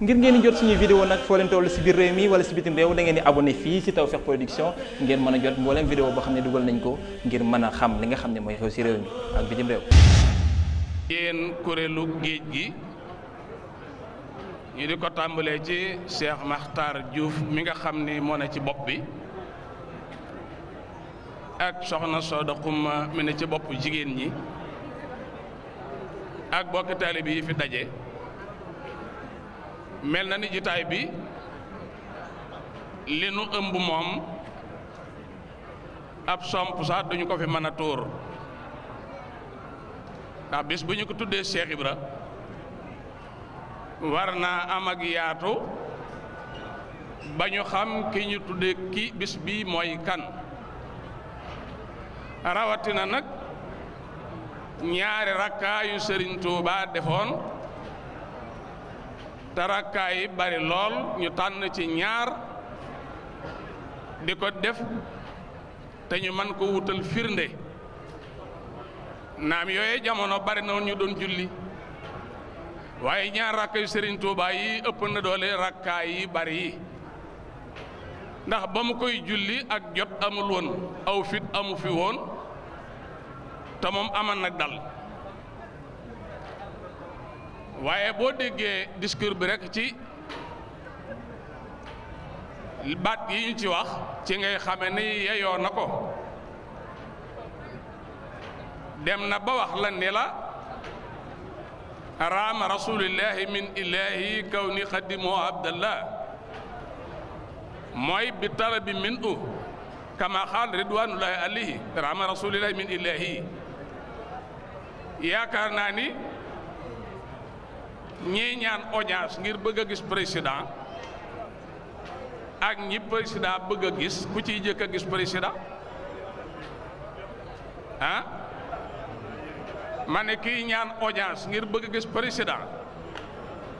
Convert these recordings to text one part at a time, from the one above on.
ngir ngeen di jot suñuy vidéo nag foo leen toll si biir réew mi wala si bitim réew da ngeen di abonné fii si Tawfekh Production ngeen mën a jot mbooleem vidéo boo xam ne dugal nañ ko ngir mën a xam li nga xam ne mooy xew si réew mi ak bitim réew yéen kuréelu géej gi ko tàmbalee ci Cheikh Makhtar Diouf mi nga xam ni moo ne ci bopp bi ak soxna Soda Xuma mi ci bopp jigéen ñi ak bokki taalibe yi fi daje mel na ni jitaay bi li nu ëmb moom ab somp sax duñu ko fi mën a tuur ndax bis bu ñu ko tuddee Cheikh Ibra war naa am ak yaatu ba ñu xam ki ñu tuddee ki bis bi mooy kan rawatina nag ñaari rakkaayu Serigne Touba defoon tarakaay yi bari lool ñu tànn ci ñaar di ko def te ñu mën ko wutal firnde naam yooye jamono bari na ñu doon julli waaye ñaar rakka yu Sëriñ Tuubaa yi ëpp na doole rakkaay yi bari yi ndax ba mu koy julli ak jot amul woon aw fit amu fi woon te moom aman nag dal waaye boo déggee discours bi ci bat yi ñu ci wax ci ngay xame ni yeyoo na ko dem na ba wax la ni la raama rasulillahi min ilahi kaw ni xadimoo abdallah mooy bi min u kama xaal ridwanullahi alayhi raama rasulillahi min ilahi yaakaar naa ni ñii ñaan audience ngir bëgg a gis président ak ñi président bëgg a gis ku ciy jëkk a gis président ah ma ne kii ñaan audience ngir bëgg a gis président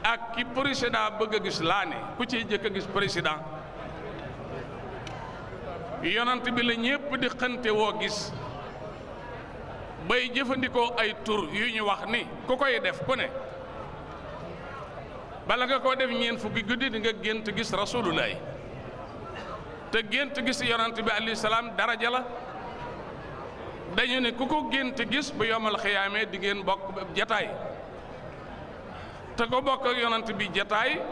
ak ki président bëgg a gis laa ne ku ciy jëkk a gis président yonant bi la ñépp di xënte woo gis bay jëfandikoo ay tur yu ñu wax ni ku koy def ku ne bala nga koo def ñeent fukki guddi di nga gént gis rasulullahi te gént gis yonant bi alayhi salaam daraja la dañu ne ku ko gént gis bu yomal xiyaamee di ngeen bokk jataay te ko bokk ak bi jataay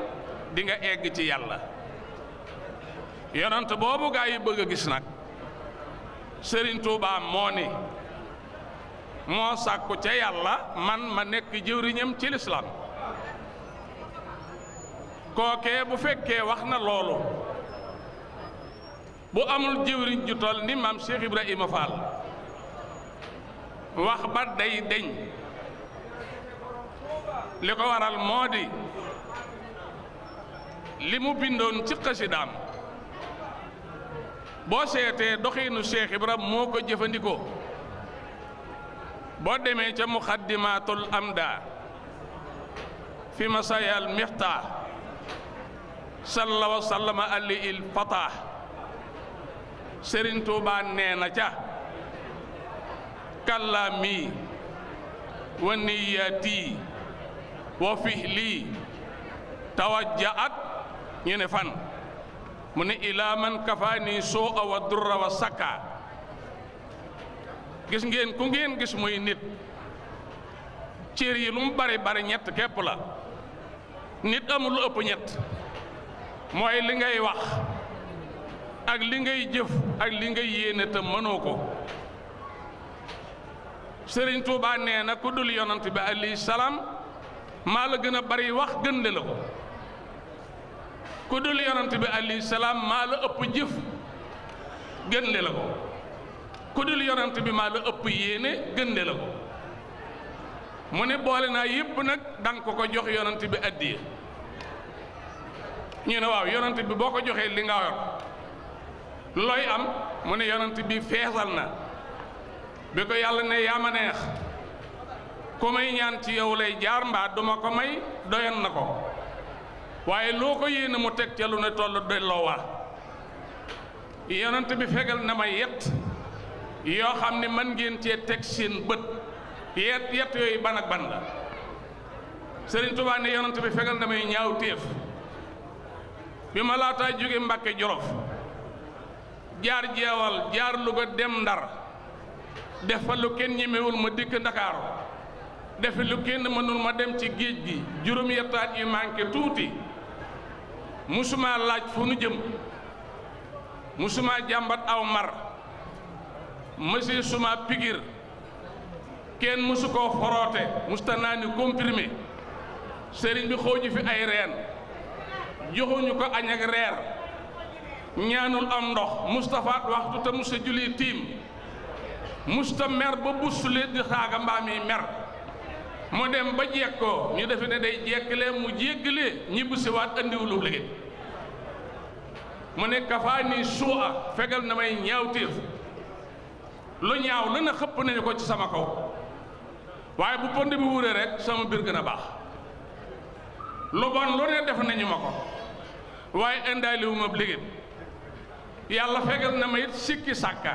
dinga egg ci yàlla yonant boobu gaa bëgg a gis nag Sëriñ Tuubaa moo ni moo sàkku ca yàlla man ma nekk jëwriñam ci lislaam kookee bu fekkee wax na loolu bu amul jëwriñ tol toll ni maam Cheikh Ibrahima Fall wax ba day deñ li ko waral moo di li mu bindoon ci xasidaam boo seetee doxiinu Cheikh Ibra moo ko jëfandikoo boo demee ca muqaddimatul amda fi masayal mixtaa salla wa sallama alli il fata sëriñ nee na ca kàllaami wa niyaati wa fihli tawajjaat ñu ne fan mu ne ilaa kafaani soo a wa durra wa sakka gis ngeen ku ngeen gis muy nit cër yi lu mu bari bari ñett képp la nit amul lu ëpp ñett mooy li ngay wax ak li ngay jëf ak li ngay yéene te mënoo ko sëriñ Touba nee na ku dul yonant bi alayhi salaam maa la gën a bari wax gën le la ko ku dul yonant bi alayhi salaam maa la ëpp jëf gën le la ko ku dul yonant bi maa la ëpp yéene gën le la ko mu ne boole naa yépp nag danga ko ko jox yonant bi addiya ñu ne waaw yonent bi boo ko joxee li nga looy am mu ne yonent bi feesal na bi ko yàlla ne yaa ma neex ku may ñaan ci yow lay jaar mbaa duma ko may doyan na ko waaye loo ko yéene mu teg ca lu ne toll delloo waa yonent bi fegal na ma yett yoo xam ne man ngeen cee teg seen bët yett yett yooyu ban ak ban la Sëriñ Tuubaa ne yonent bi fegal na may ñaaw téef bi ma laataay jóge Mbàkke Jolof jaar jeewal jaar Luga dem Ndar def fa lu kenn ñemewul ma dikk Ndakaaru defi lu kenn mënul ma dem ci géej gi juróom yettaat yu manqué tuuti musuma laaj fu nu jëm musuma jàmbat aw mar mësi suma pigir kenn mësu koo foroote musta naa ni sëriñ bi xooju fi ay reen joxuñu ko añ ak reer ñaanul am ndox mustafaat waxtu te musta julli tiim musta mer ba busule di saaga mbaam yi mer mu dem ba jekkoo ñu defe ne day jekkale mu jéggale ñibbisiwaat andiwulu liggéey mu ne kafaa suu'a fegal na may ñaawteef lu ñaaw lana xëpp nañu ko ci sama kaw waaye bu pënd bi wuree rek sama biir gën a baax lu bon lu ne def nañu ma ko waaye indaale wu ma léegi yàlla fegal na ma it sikki sàkka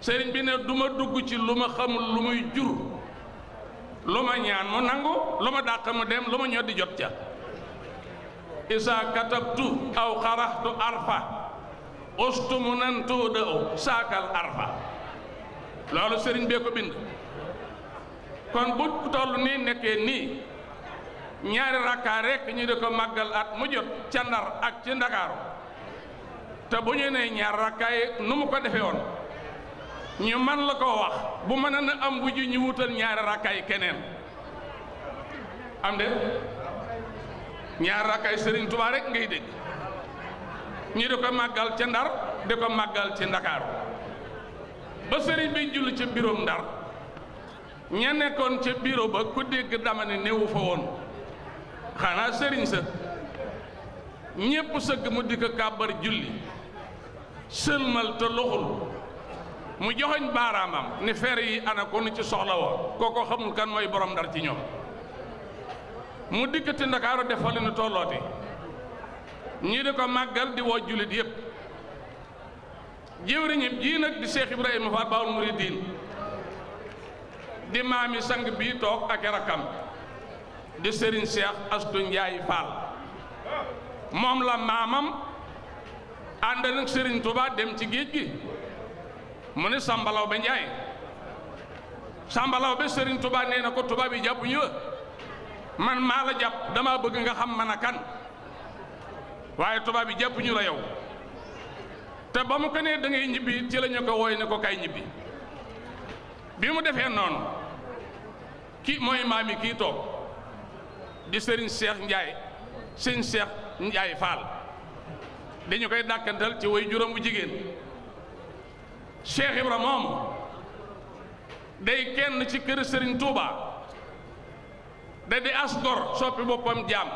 sëriñ bi ne du ma dugg ci lu ma xamul lu muy jur lu ma ñaan mu nangu lu ma dàq mu dem lu ma ñoddi jot ca isaa katabtu aw xaraxtu arfa ustumu nan tuuda u saakal arfa loolu sëriñ bee ko bind kon bu toll nii nekkee nii ñaari rakkaa rek ñu di ko màggal at mu jot ca ndar ak ci ndakaaru te bu ñu nee ñaar rakkaay nu mu ko defee woon ñu man la ko wax bu mën a na am bu ji ñu wutal ñaari rakkaay keneen am de ñaari rakkaay Serigne Touba rek ngay dégg ñu di ko màggal ca ndar di ko màggal ci ndakaaru ba Serigne bi julli ca biroom ndar ña nekkoon ca biro ba ku dégg dama ne newu fa woon xanaa sëriñ sa ñépp sëgg mu di ko kàbbar julli sëlmal te loxul mu joxoñ baaraamam ni fer yi ana ko nu ci soxla woon kooko xamul kan mooy borom ndar ci ñoom mu dikkati ndakaaru def fa li nu tolloote ñii di ko màggal di woo jullit yépp jëwriñam jii di Cheikh Ibrahima Fall Baol Mouridine di maami sang bii toog ak rakkam di Serigne Cheikh Astou Ndiaye Fall moom la maamam ànd nag Serigne Touba dem ci géej gi mu ne Sambalaw ba Ndiaye Sambalaw ba Serigne Touba nee na ko Touba bi jàpp ñu man maa la jàpp dama bëgg nga xam man a kan waaye Touba bi jàpp la yow te ba mu ko nee da ngay ñibbi ci la ko wooy ko kay ñibbi bi mu defee noonu kii mooy maami kii toog. di sëriñ Cheikh Ndiaye sëriñ Cheikh Ndiaye Fall dañu koy dàkkantal ci way juróom bu jigéen Cheikh Ibra moom day kenn ci kër sëriñ Touba da di as gor soppi boppam jaam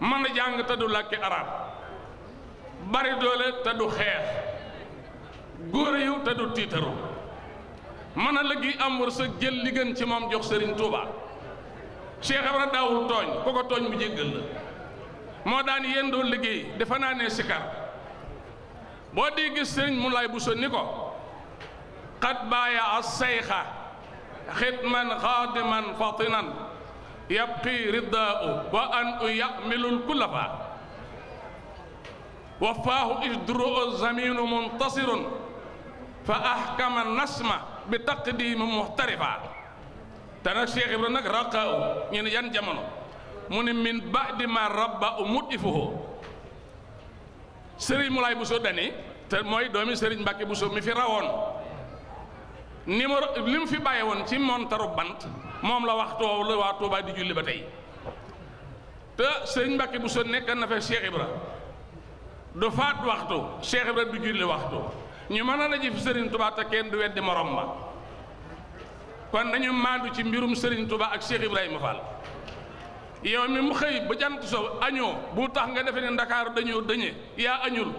mën a jàng te du làkki arab bari doole te du xeex góor yu te du tiitaru mën a lëggi am wërsëg sa li gën ci moom jox sëriñ Touba. Cheikh Ibra daawul tooñ ku ko tooñ mu jéggal la moo daan yendoo liggéey dafa naa ne sikar boo dee gis sëriñ mu lay bu so ni ko xat baaya as sayxa xidman xaadiman fatinan yabqi ridaau wa an u yamilul kulafa wa faahu isdroo zaminu muntasirun fa ahkama nasma bi taqdimi muxtarifa te nag Cheikh Ibra nag raqaaw ñu ne yan jamono mu ne min ba'di ma rabba umut ifuhu sëriñ Moulay Bousso dani te mooy doomi sëriñ Mbàkke Bousso mi fi rawoon numéro mu fi bàyyi woon ci montaru bant moom la waxtu woowu la waa Touba di julli ba tey te sëriñ bu Bousso nekk na fa Cheikh Ibra du faat waxtu Cheikh Ibra du julli waxtu ñu mën a la jëf sëriñ Touba kenn du weddi morom ma kon dañu maandu ci mbirum Serigne Touba ak Cheikh Ibrahima Fall yow mi mu xëy ba jant so añoo bu tax nga defe ne ndakaaru dañoo dëñe yaa añul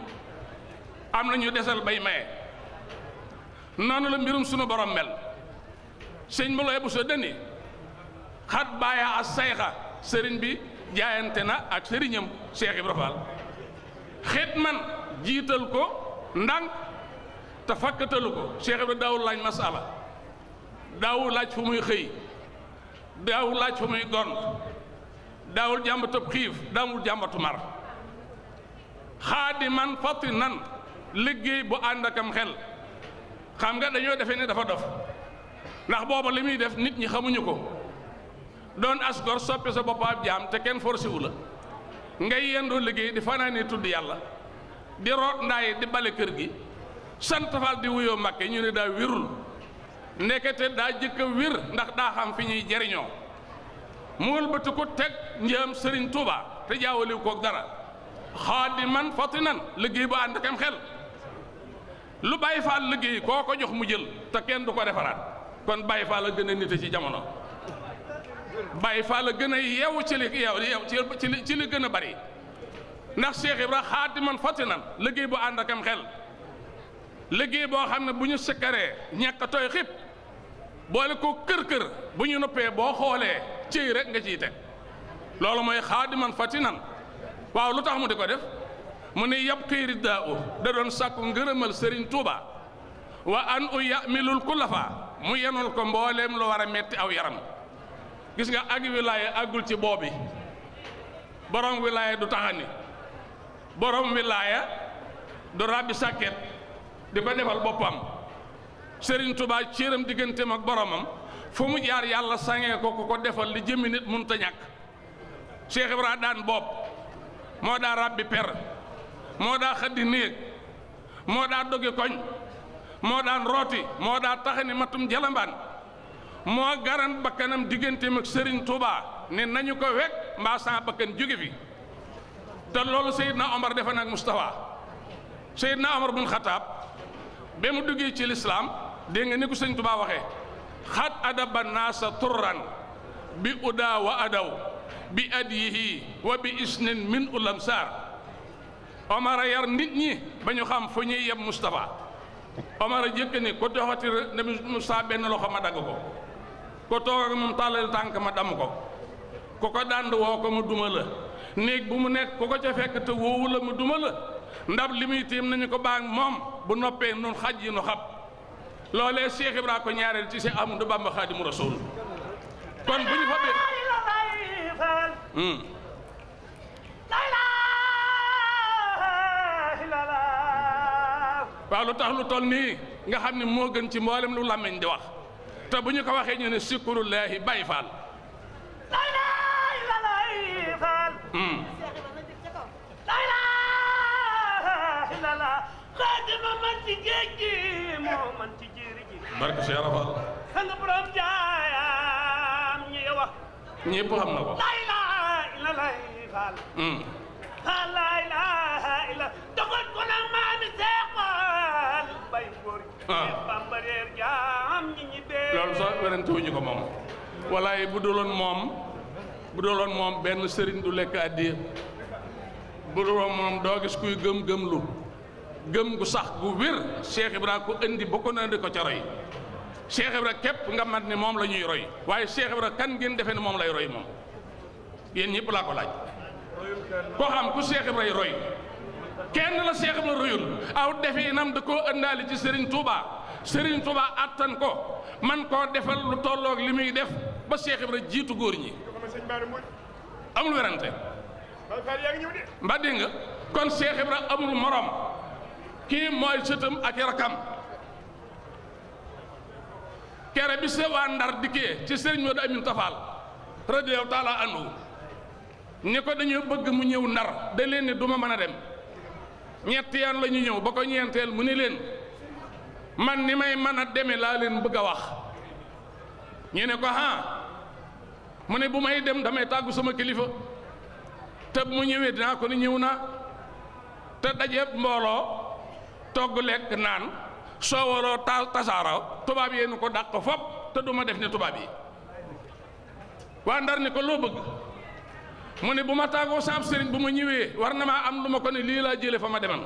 am na ñu desal bay maye noonu la mbirum suñu borom mel sëñ ma bu so dëni xat baaya a sayxa sëriñ bi jaayante na ak sëriñam Cheikh Ibrahima Fall xit man jiital ko ndànk te fakkatalu ko Cheikh Ibrahima daawul lañ masala daawul laaj fu muy xëy daawul laaj fu muy gont daawul jàmbatub xiif daawul jàmbatu mar xaadiman fatti nan liggéey bu ànd am xel xam nga dañoo defee ni dafa dof ndax booba li muy def nit ñi xamuñu ko doon asgor soppi sa boppaab jaam te kenn forcé wu la ngay yendoo liggéey di fanaane tudd yàlla di root ndaay di bale kër gi sant fal di wuyoo màkke ñu ne daa wirul ndekete daa jëkk wér ndax daa xam fi ñuy jariñoo mu wëlbati ko teg njëm sëriñ Tuuba te jaawaliw koog dara xaadiman fatinan liggéey bu ànd kam xel lu Baay Faal liggéey koo jox mu jël te kenn du ko defaraat kon Baay Faal a gën a nite ci jamono Baay Faal a gën a yeewu ci li yeew ci li gën a bari ndax Cheikh Ibra xaadiman fatinan liggéey bu ànd akam xel liggéey boo xam ne bu ñu sikkaree ñàkk tooy xib boole ko kër-kër bu ñu noppee boo xoolee ciy rek nga ciy teg loolu mooy xaadiman fatinan waaw lu tax mu di ko def mu ne yab xiiri daa u da doon sàkku ngërëmal sëriñ Tuuba wa an u yamilul kulafa mu yenul ko mbooleem lu war a metti aw yaram gis nga ak wilaaya àggul ci boobi borom wilaaya du taxani boroom wilaaya du ràbbi sàkket di ko defal boppam Serigne Touba céeram diggante ak boromam fu mu jaar yàlla sangee ko ku ko defal li jëmmi nit mënut a ñàkk Cheikh daan bopp moo daa rabbi per moo daa xaddi néeg moo daa doge koñ moo daan rooti moo daa taxani mattum jalambaan moo garan bakkanam digganteem ak Serigne Touba ne nañu ko wekk mbaa saa bakkan jóge fi te loolu Seydina Omar defe na ak Moustapha Seydina Omar bun Xataab ba mu duggee ci lislaam dégg nga ni ko sëñ Tuubaa waxee xat adaba naasa turran bi udaa wa adaw bi adiyihi wa bi isnin min ulam saar omara yar nit ñi ba ñu xam fu ñuy yeb Moustapha omara jëkk ni ko doxati ne Moustapha benn loxo ma dagg ko ko toog moom tàllal tànk ma damm ko ku ko dànd woo ko ma duma la néeg bu mu nekk ku ko ca fekk te woowu la ma duma la ndab li muy tiim nañu ko baag moom bu noppee nun xaj yi nu xab loolee Cheikh Ibra ko ñaareel ci Cheikh Ahmadou Bamba Xaadimu Rasuul kon bu ñu fa bég hmm. waaw lu tax lu toll nii nga xam ne moo gën ci mboolem lu làmmiñ di wax te bu ñu ko waxee ñu ne sikkurullaahi Baay Faal hmm. Hmm. barke Cheikh Ibra Fall. ñi nga wax. xam na ko. laay laay la laay faal. ah laay laay ko nag maami seexal mbay góor yi. ah bamba reer jaam wuñu ko moom. walaay bu doloon moom bu doloon moom benn sëriñ du lekk addiya bu doloon moom doo gis kuy gëm gëm lu. gëm gu sax gu wér Cheikh Ibra ko indi bokk na di ko ca roy Cheikh Ibra képp nga mat ni moom la ñuy roy waaye Cheikh Ibra kan ngeen defee ni moom lay roy moom yéen ñëpp laa ko laaj koo xam ku Cheikh Ibra roy kenn la Cheikh Ibra royul aw defee nam da koo ëndaali ci sëriñ Touba Serigne Touba attan ko man koo defal lu tolloog li muy def ba Cheikh Ibra jiitu góor ñi amul werante mbaa dégg nga kon Cheikh amul morom kii mooy sëtam ak yarakam kere bi sewaa ndar dikkee ci sëriñ Modou Amin Tafaal radiyallahu taala anhu ñi ko dañu bëgg mu ñëw ndar da leen ni duma mën a dem ñetti yoon la ñëw ba ko ñeenteel mu ni leen man ni may mën a deme laa leen bëgg a wax ñu ne ko ah mu ne bu may dem damay tàggu sama kilifa te mu ñëwee dinaa ko ni ñëw na te dajeeb mbooloo togg lekk naan soo waroo taal tasaaroo tubaab yee nu ko dàq fop te duma def ne tubaab yi waa ndar ni ko loo bëgg mu ne bu ma tàggoo saab sëriñ bu ma ñëwee war na maa am lu ma ko ne lii laa jële fa ma deman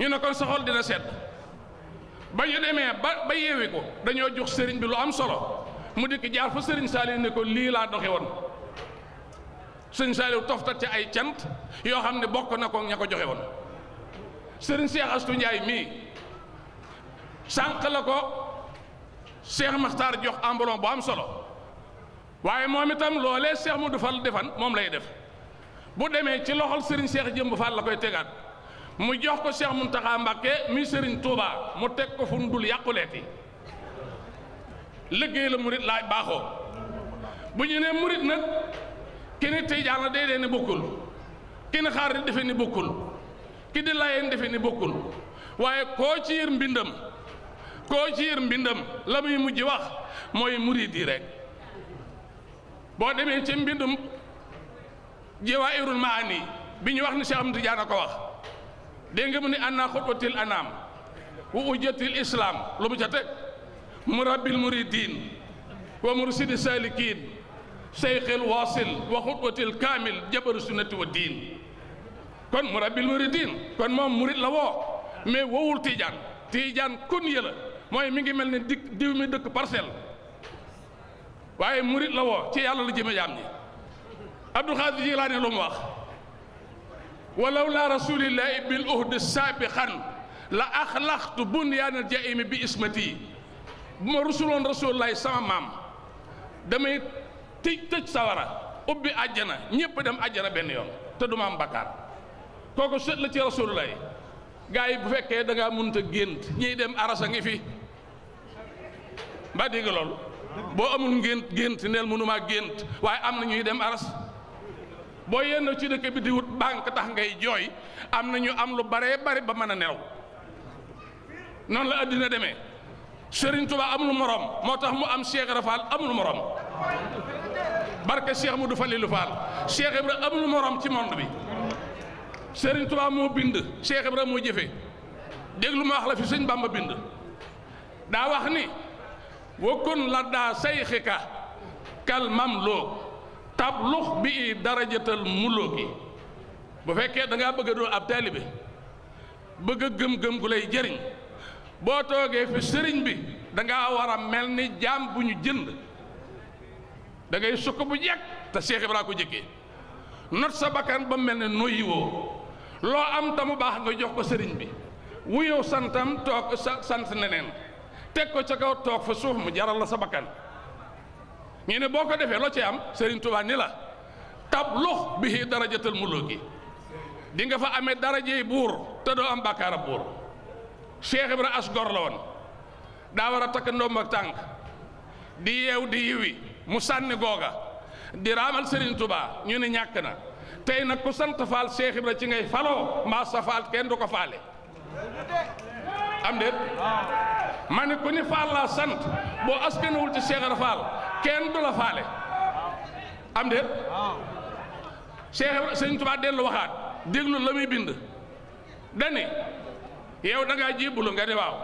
ñu ne ko sa xol dina sedd ba ñu demee ba ba yeewi ko dañoo jox sëriñ bi lu am solo mu dikk jaar fa sëriñ Saliou ne ko lii laa doxe woon sëriñ Saliou toftat ci ay cant yoo xam ne bokk na ko ña ko joxe woon sëriñ Cheikh Astou Ndiaye mii sànq la ko Cheikh Makhtar jox emblon bu am solo waaye moom itam loolee mu Modou Fall defan moom lay def bu demee ci loxol sëriñ Cheikh Jëmb Fall la koy tegaat mu jox ko Cheikh Mountakha Mbacké mi sëriñ Touba mu teg ko fu mu dul yàquleeti liggéey la murit laaj baaxoo bu ñu murit nag ki ni tijaan la ni bokkul ki ni xaar defe ni bokkul ki di layeen defe ni bokkul waaye koo ci yër mbindam koo ci yër mbindam la muy mujj wax mooy murid yi rek boo demee ci mbindum jawaahirul maani bi ñu wax ni Cheikh Ahmadou Tidiane ko wax dégg nga mu ni ana xutbatil anaam wa ujjatil islaam lu mu ca teg mu rabbil muridin wa mursidi salikin seyxil wasil wa xutbatil kaamil jabaru sunnati wa diin kon murabbil muridin kon moom murid la woo mais wowul tiijaan tiijaan kun la mooy mi ngi mel ni dik diw mi dëkk parcelle waaye murid la woo ci yàlla la jëme jaam ñi Abdul Xaadir Jilaani lu mu wax walaw laa rasulillahi bil uhdi saabixan la axlaxtu bunyaanal jaimi bi ismati bu ma rusuloon rasulillahi sama maam damay tëj tëj sawara ubbi àjjana ñépp dem àjjana benn yoon te du am bakkaar kooku sët la ci lay gaa yi bu fekkee da ngaa mënut a gént ñiy dem aras a ngi fi mbaa dégg loolu boo amul ngént gént neel mënumaa gént waaye am na ñuy dem aras boo yenn ci dëkk bi di wut banque tax ngay jooy am na ñu am lu baree bari ba mën a nelaw noonu la àddina demee Serigne Touba amul moroom moo tax mu am Cheikh Rafal amul moroom barke Cheikh Modou Falilou Fall Cheikh Ibra amul moroom ci monde bi. Serigne Touba moo bind Cheikh moo jëfee déglu ma wax la fi sëñ Bamba bind daa wax ni wakkun la daa sayxika kal mamloog tablux bi i darajatal muloogi bu fekkee da ngaa bëgg a doon ab taalibe bëgg a gëm-gëm gu lay jëriñ boo toogee fi sëriñ bi danga ngaa war a mel ni jaam bu ñu jënd dangay ngay sukk bu jekk te Cheikh Ibra ko jëkkee not sa bakkan ba mel ne noyyi woo loo am tamu baax nga jox ko sëriñ bi wuyoo santam toog sa sant neneen teg ko ca kaw toog fa suuf mu jaral la sa bakkan ñu ne boo ko defee loo ci am sëriñ Tuubaa ni la tablux bihi darajatal muluki di nga fa amee dara darajey buur te doo am bàkkaara buur Cheikh Ibra as gor la woon daa a takk ndomb tànk di yeew di yiwi mu sànni googa di raamal sëriñ tubaa ñu ne ñàkk na tey nag ku sant faal Cheikh Ibra ci ngay faloo mbaa sa faal kenn du ko faale am déet ma ne ku ni faal laa sant boo askanawul ci Cheikh Faal kenn du la faale am déet Cheikh Ibra Sëñ Tuubaa dellu waxaat déglu la muy bind dani yow da ngaa jébbulu nga ne waaw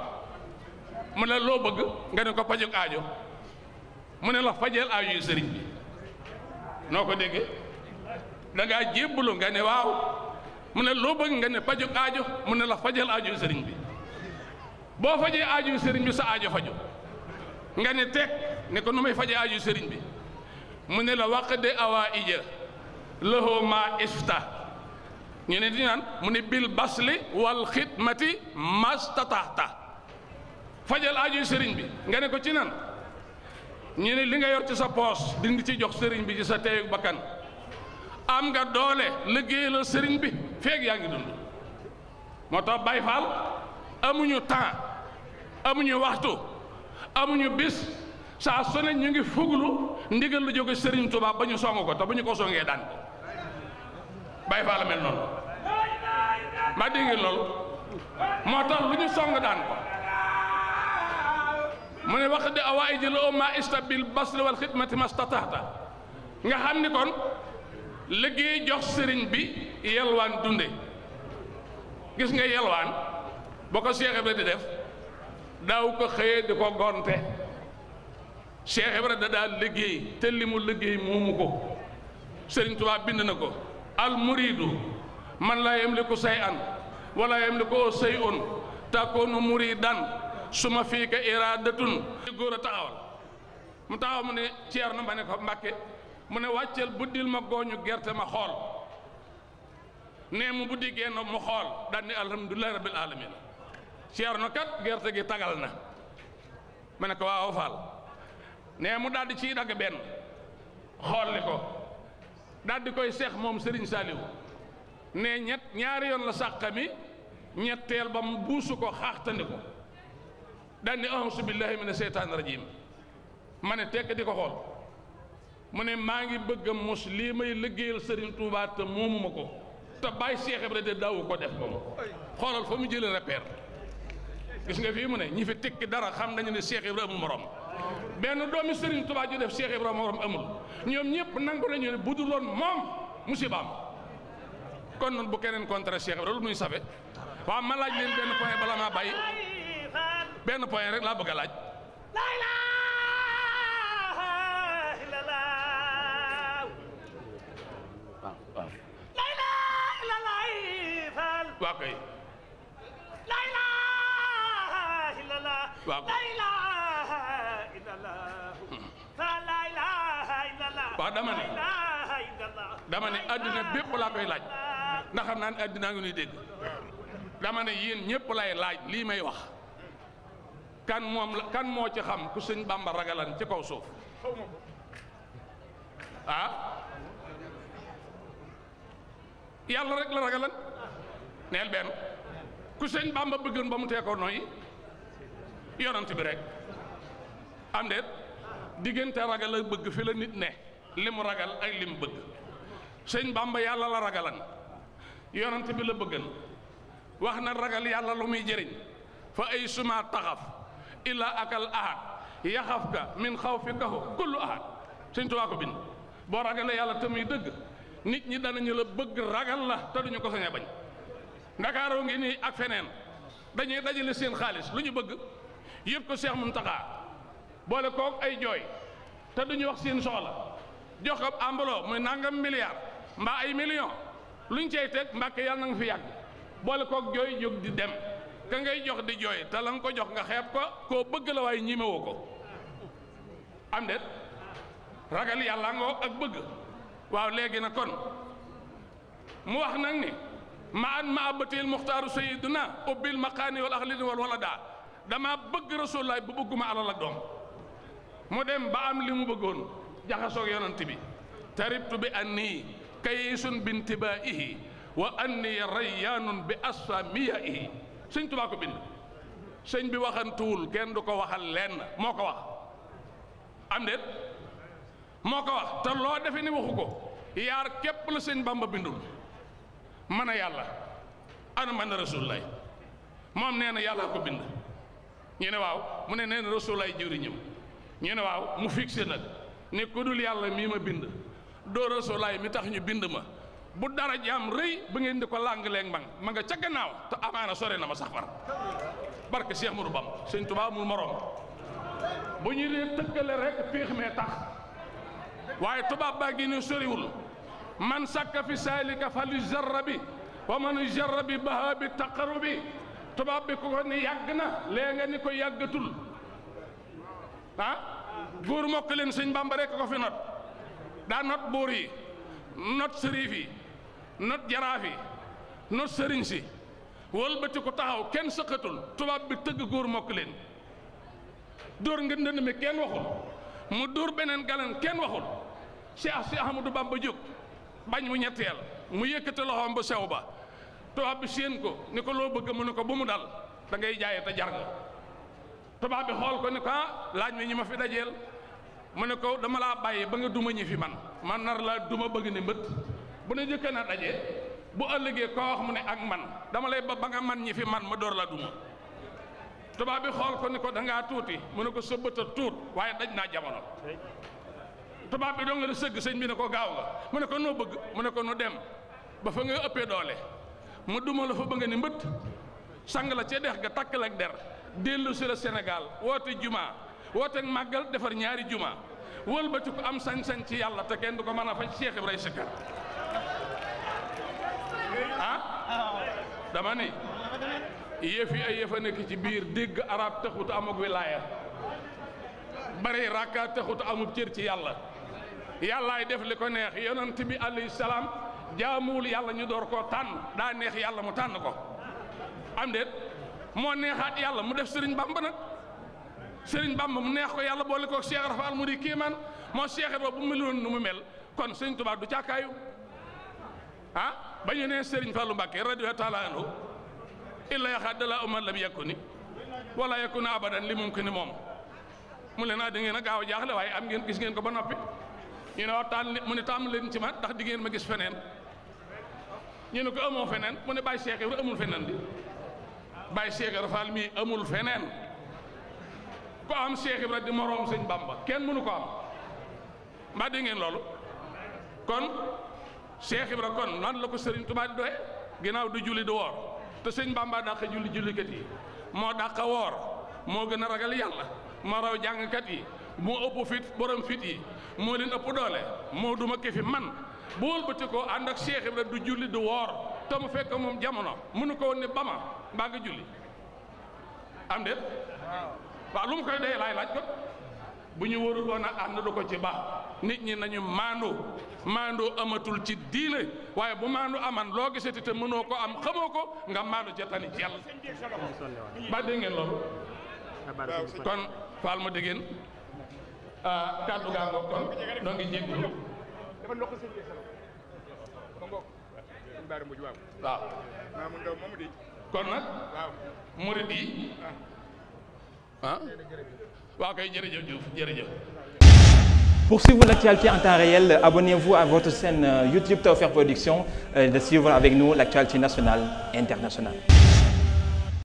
mu ne loo bëgg nga ne ko pajuk aajo mu ne la fajeel aajo yi sëriñ bi noo ko déggee da ngaa nga ne waaw mu ne loo bëgg nga ne paju aajo mu ne la fajal aajo sëriñ bi boo fajee aajo sëriñ bi sa aajo faju nga ne teg ne ko nu may fajee aajo sëriñ bi mu ne la waq de awa ija lahoo ma ifta ñu ne di naan mu ne bil basli wal xidmati mastatahta fajal aajo sëriñ bi nga ne ko ci nan ñu ne li nga yor ci sa poos dindi ci jox sëriñ bi ci sa teeyug bakkan am nga doole liggéeyal sëriñ bi feeg yaa ngi dund moo tax Baay Faal amuñu temps amuñu waxtu amuñu bis saa su ñu ngi fuglu ndigal la jóge sëriñ Tuubaa ba ñu song ko te bu ñu ko songee daan ko Baay Faal noonu ma dégg loolu moo tax lu ñu song daan ko mu ne wax di awaay ji la umma istabil basri wal xidmati mastataxta nga xam ni kon liggéey jox sëriñ bi yelwaan dunde gis nga yelwaan ba ko Cheikh di def daaw ko xëyee di ko gonte Cheikh da daal liggéey te li mu liggéey moomu ko sëriñ Tuubaa bind na ko al muridu man laa yamliku shay'an wala yamliku shay'un takunu muridan suma fiika iradatun góor a taxawal mu taxaw mu ne Ceerno ma ne ko Mbàkke mu ne wàcceel buddil ma gooñu gerte ma xool nee mu buddi génn mu xool daan ni alhamdulilahi rabbil alamin na kat gerte gi tagal na ma ne ko waaw faal nee mu daal di ciy dagg benn xool li ko daal di koy seex moom Serigne Saliou nee ñett ñaari yoon la sàqa mi ñetteel ba mu buusu ko xaaxtandi ko daan ni auzu billahi mina seytaani rajim ma ne tekk di ko xool mu ne maa ngi bëgg a mos lii may liggéeyal sëriñ Touba te moomuma ko te bàyyi Cheikh Ibra de daawu ko def ba xoolal fa mu jëlee repère gis nga fii mu ne ñi fi tekki dara xam nañu ne Cheikh Ibra amul benn doomi sëriñ Touba ju def Cheikh Ibra morom amul ñoom ñëpp nangu nañu ne bu dul woon moom musibaam kon noonu bu keneen contre Cheikh Ibra lu muy safe waaw ma laaj leen benn point bala maa bàyyi benn point rek laa bëgg laaj. waaw kay. la ilaha illallah. waaw la ilaha illallah. la ilaha illallah. waaw dama ne. dama laa koy laaj. ndax xam naa ne addinaa dégg. dama ne yéen lay laaj lii may wax. kan moom kan moo ci xam ku sëñ Bàmba ragalan ci kaw suuf ah yàlla la ragalan neel benn ku sëñ Bàmba bëggoon ba mu tee ko noyyi yonant bi rek am déet diggante ragal ak bëgg fi la nit ne li mu ragal ak li bëgg sëñ Bàmba yàlla la ragalan yonant bi la bëggan wax na ragal yàlla lu muy jëriñ fa ay suma taxaf illaa akal ahad yaxaf ka min xaw fi kaxu kullu ahad sëñ Tuubaa ko bind boo ragalee yàlla te muy dëgg nit ñi danañu la bëgg ragal la te duñu ko sañ bañ ndakaaroo ngi nii ak feneen dañuy dajale seen xaalis lu ñu bëgg yëpp ko Seex Muntaxaa boole kook ay jooy te duñu wax seen soxla jox ko ambalo muy nangam milliard mbaa ay million luñ cey teg mbàkke yàlla na nga fi yàgg boole kook jooy jóg di dem ka jox di jooy te la nga ko jox nga xeeb ko koo bëgg la waaye ñimewu ko am det ragal yàlla ngoo ak bëgg waaw léegi na kon mu wax nag ni ma an ma abatil muxtaaru sayiduna ubbil maqaani wal ahlin wal walada dama bëgg rasulaay bu bëgguma alal mu dem ba am li mu bëggoon jaxasoog yonant bi taribtu bi anni kayisun bintibaihi wa anni rayyaanun bi asfamiyaihi sëñ tubaa ko bind sëñ bi waxantuwul kenn du ko waxal lenn moo ko wax am déet moo ko wax te loo defe ni waxu ko yaar képp la sëñ bamba bindul man a yàlla ana man a rasulullaay moom nee na yàlla ko bind ñu ne waaw mu ne nee na rasulullaay jëriñam ñu ne waaw mu fixé nag ne ku yàlla mii ma bind doo rasulullaay mi tax ñu bind ma bu dara jaam rëy bu ngeen di ko làng leen mbang ma nga ca gannaaw te amaana sore na ma sax far barke Cheikh Mourou Bam sëñ Tuubaa amul moroom bu ñu dee tëkkale rek péex mee tax waaye tubaab baa ngi soriwul man sakka fi saalika fal yu jarra bi wa man yu jarra bi tubaab bi ku ko ni yàgg na lee ni ko yàggatul ah buur mokk leen sëñ bàmba rekk ko fi not daa not buur yi not sëriif yi not jaraaf not sëriñ si wëlbati ko taxaw kenn sëqatul tubaab bi tëgg góor mokk leen dóor nga ndënd kenn waxul mu dóor beneen galan kenn waxul Cheikh si Ahmadou Bamba jóg bañ mu ñetteel mu yëkkati loxoom bu sew ba tubaab bi séen ko ni ko loo bëgg mu ne ko bu mu dal dangay ngay jaaye te jar nga tubaab bi xool ko ni ko ah, laaj ma ñi ma fi dajeel mu ne ko dama laa bàyyi ba nga duma ñi fi man man nar laa duma bëgg ne mbët bu ne jëkkee na daje bu ëllëgee koo wax mu ne ak man dama lay ba ba nga man ñi fi man ma door laa duma tubaab bi xool ko ni ko dangaa tuuti mu ne ko sa tuut waaye daj naa jamono tubaab bi doo nga a sëgg sëñ bi ne ko gaaw nga mu ne ko noo bëgg mu ne ko nu dem ba fa nga ëppee doole mu duma la fa bëgg ne mbëtt sang la ca dex ga takk la ak der dellu si la Sénégal woote jumaa woote ak màggal defar ñaari jumaa wëlbati ko am sañ-sañ ci yàlla te kenn du ko mën a faj Cheikh Ibrahima Sikar ah dama ni yëf ay yëfa nekk ci biir dégg arab taxut amuk wilaaya bari ràkka taxut amub cër ci yàlla yàllaay def li ko neex yonent bi alayhi salaam jaamuwul yàlla ñu door koo tànn daa neex yàlla mu tànn ko am déet moo neexaat yàlla mu def sëriñ bamba nag sëriñ bamba mu neex ko yàlla boole ko Cheikh Rafaal mu di kiimaan moo Cheikh bu mu nu mu mel kon sëriñ Tuubaa du càkkaayu ah ba ñu nee sëriñ Fallu Mbàkke radiyallaahu taala anhu illa yaxaat dala uman lam yakuni wala yakuna abadan li mumkin ni moom mu leen naa da ngeen a gaaw a jaaxle waaye am ngeen gis ngeen ko ba noppi ñu ne waxtaan mu ne tàmm leen ci ma ndax di ma gis feneen ñu ne ko amoo feneen mu ne Baye Cheikh Ibra amul feneen di Baye Cheikh Ibra mii amul feneen ku am Cheikh di moroom sëñ Bamba kenn mënu ko am mbaa di ngeen loolu kon Cheikh Ibra kon nan la ko Serigne Touba doye ginnaaw du julli du woor te sëñ Bamba dàq julli jullikat yi moo dàq woor moo gën a ragal yàlla moo raw jàngkat yi moo ëpp fit borom fit yi moo leen ëpp doole moo du ma fi man bu ko ànd ak Cheikh Ibra du julli du woor te mu fekk moom jamono mënu ko woon ne bama mbaa nga julli am déet waaw lu mu koy dee laay laaj ko bu ñu warul woon a ànd du ko ci baax nit ñi nañu maandoo maandoo amatul ci diine waaye bu maandu aman loo gisati te mënoo ko am xamoo ko nga maandu ca tani jell ba dégg ngeen loolu kon faal ma déggeen Euh, kàddu gaa ngoog kon noo ngi jégalu. Ah. Ah. Pour suivre l'actualité en temps réel, abonnez-vous à votre chaîne euh, YouTube Tawfekh Production euh, et de suivre avec nous l'actualité nationale internationale.